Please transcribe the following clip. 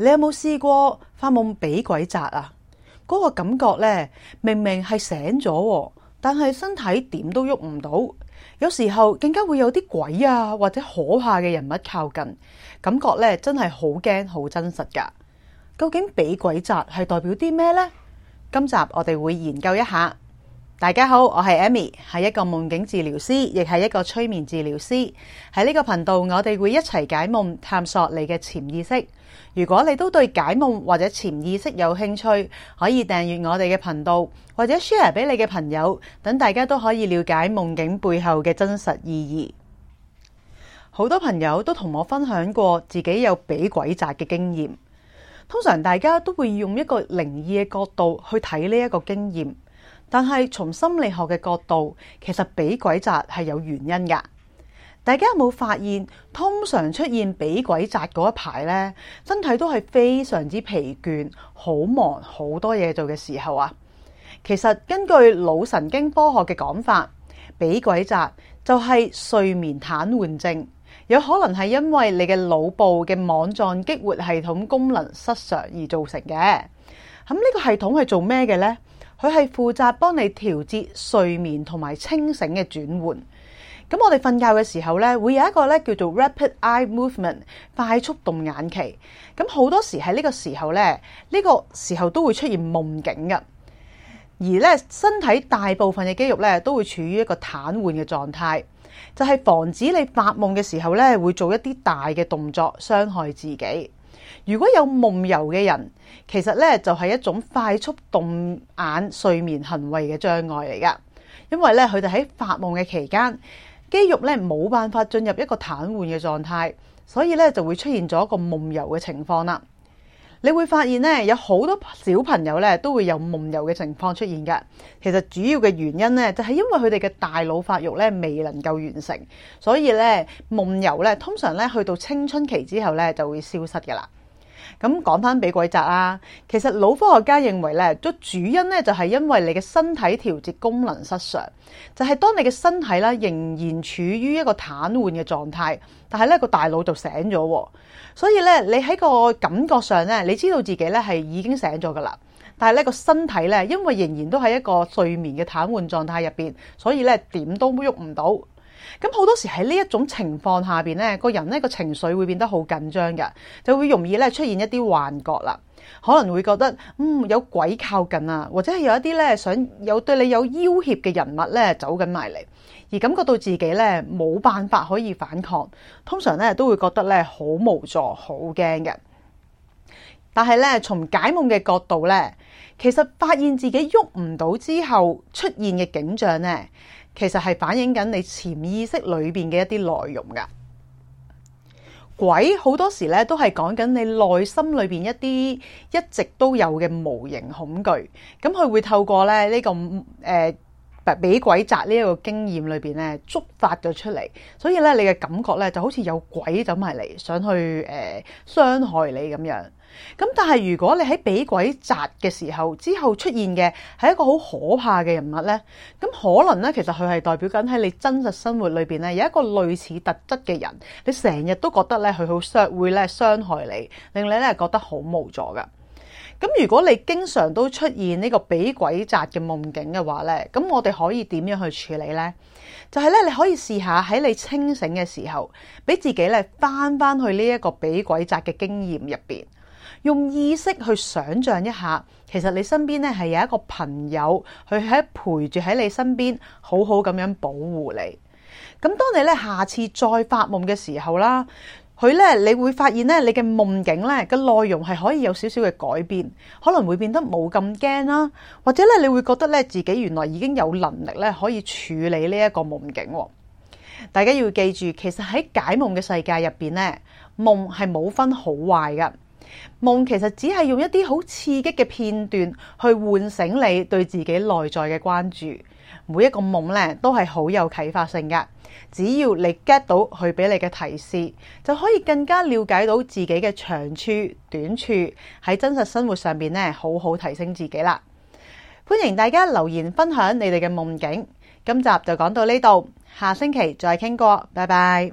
你有冇試過發夢俾鬼扎啊？嗰個感覺咧，明明係醒咗，但係身體點都喐唔到。有時候更加會有啲鬼啊，或者可怕嘅人物靠近，感覺咧真係好驚，好真實噶。究竟俾鬼扎係代表啲咩呢？今集我哋會研究一下。大家好，我係 Amy，係一個夢境治療師，亦係一個催眠治療師。喺呢個頻道，我哋會一齊解夢，探索你嘅潛意識。如果你都對解夢或者潛意識有興趣，可以訂閱我哋嘅頻道，或者 share 俾你嘅朋友，等大家都可以了解夢境背後嘅真實意義。好多朋友都同我分享過自己有俾鬼責嘅經驗，通常大家都會用一個靈異嘅角度去睇呢一個經驗。但係從心理學嘅角度，其實俾鬼責係有原因㗎。大家有冇發現，通常出現俾鬼責嗰一排呢，身體都係非常之疲倦，好忙好多嘢做嘅時候啊。其實根據腦神經科學嘅講法，俾鬼責就係睡眠癱瘓症，有可能係因為你嘅腦部嘅網狀激活系統功能失常而造成嘅。咁呢個系統係做咩嘅呢？佢係負責幫你調節睡眠同埋清醒嘅轉換。咁我哋瞓覺嘅時候呢，會有一個呢叫做 Rapid Eye Movement 快速動眼期。咁好多時喺呢個時候呢，呢個時候都會出現夢境嘅。而呢身體大部分嘅肌肉呢，都會處於一個癱瘓嘅狀態，就係防止你發夢嘅時候呢，會做一啲大嘅動作傷害自己。如果有夢遊嘅人，其實咧就係一種快速動眼睡眠行為嘅障礙嚟噶，因為咧佢哋喺發夢嘅期間，肌肉咧冇辦法進入一個癱瘓嘅狀態，所以咧就會出現咗一個夢遊嘅情況啦。你會發現咧有好多小朋友咧都會有夢遊嘅情況出現噶，其實主要嘅原因咧就係因為佢哋嘅大腦發育咧未能夠完成，所以咧夢遊咧通常咧去到青春期之後咧就會消失噶啦。咁講返俾鬼責啦，其實腦科學家認為咧，個主因咧就係因為你嘅身體調節功能失常，就係、是、當你嘅身體咧仍然處於一個癱瘓嘅狀態，但係咧個大腦就醒咗，所以咧你喺個感覺上咧，你知道自己咧係已經醒咗噶啦，但係咧個身體咧因為仍然都係一個睡眠嘅癱瘓狀態入邊，所以咧點都喐唔到。咁好多時喺呢一種情況下邊咧，個人呢個情緒會變得好緊張嘅，就會容易咧出現一啲幻覺啦，可能會覺得嗯有鬼靠近啊，或者係有一啲咧想有對你有要挾嘅人物咧走緊埋嚟，而感覺到自己咧冇辦法可以反抗，通常咧都會覺得咧好無助、好驚嘅。但係咧從解夢嘅角度咧，其實發現自己喐唔到之後出現嘅景象咧。其實係反映緊你潛意識裏邊嘅一啲內容㗎，鬼好多時咧都係講緊你內心裏邊一啲一直都有嘅無形恐懼，咁佢會透過咧呢、這個誒。呃俾鬼紮呢一個經驗裏邊咧，觸發咗出嚟，所以咧你嘅感覺咧就好似有鬼走埋嚟，想去誒、呃、傷害你咁樣。咁但係如果你喺俾鬼紮嘅時候之後出現嘅係一個好可怕嘅人物咧，咁可能咧其實佢係代表緊喺你真實生活裏邊咧有一個類似特質嘅人，你成日都覺得咧佢好傷會咧傷害你，令你咧覺得好無助噶。咁如果你經常都出現呢個俾鬼扎嘅夢境嘅話呢，咁我哋可以點樣去處理呢？就係、是、咧，你可以試下喺你清醒嘅時候，俾自己咧翻翻去呢一個俾鬼扎嘅經驗入邊，用意識去想像一下，其實你身邊咧係有一個朋友，佢喺陪住喺你身邊，好好咁樣保護你。咁當你咧下次再發夢嘅時候啦。佢咧，你會發現咧，你嘅夢境咧個內容係可以有少少嘅改變，可能會變得冇咁驚啦，或者咧你會覺得咧自己原來已經有能力咧可以處理呢一個夢境喎。大家要記住，其實喺解夢嘅世界入邊咧，夢係冇分好壞噶，夢其實只係用一啲好刺激嘅片段去喚醒你對自己內在嘅關注。每一個夢咧，都係好有啟發性㗎。只要你 get 到佢俾你嘅提示，就可以更加了解到自己嘅長處、短處喺真實生活上邊咧，好好提升自己啦。歡迎大家留言分享你哋嘅夢境。今集就講到呢度，下星期再傾過，拜拜。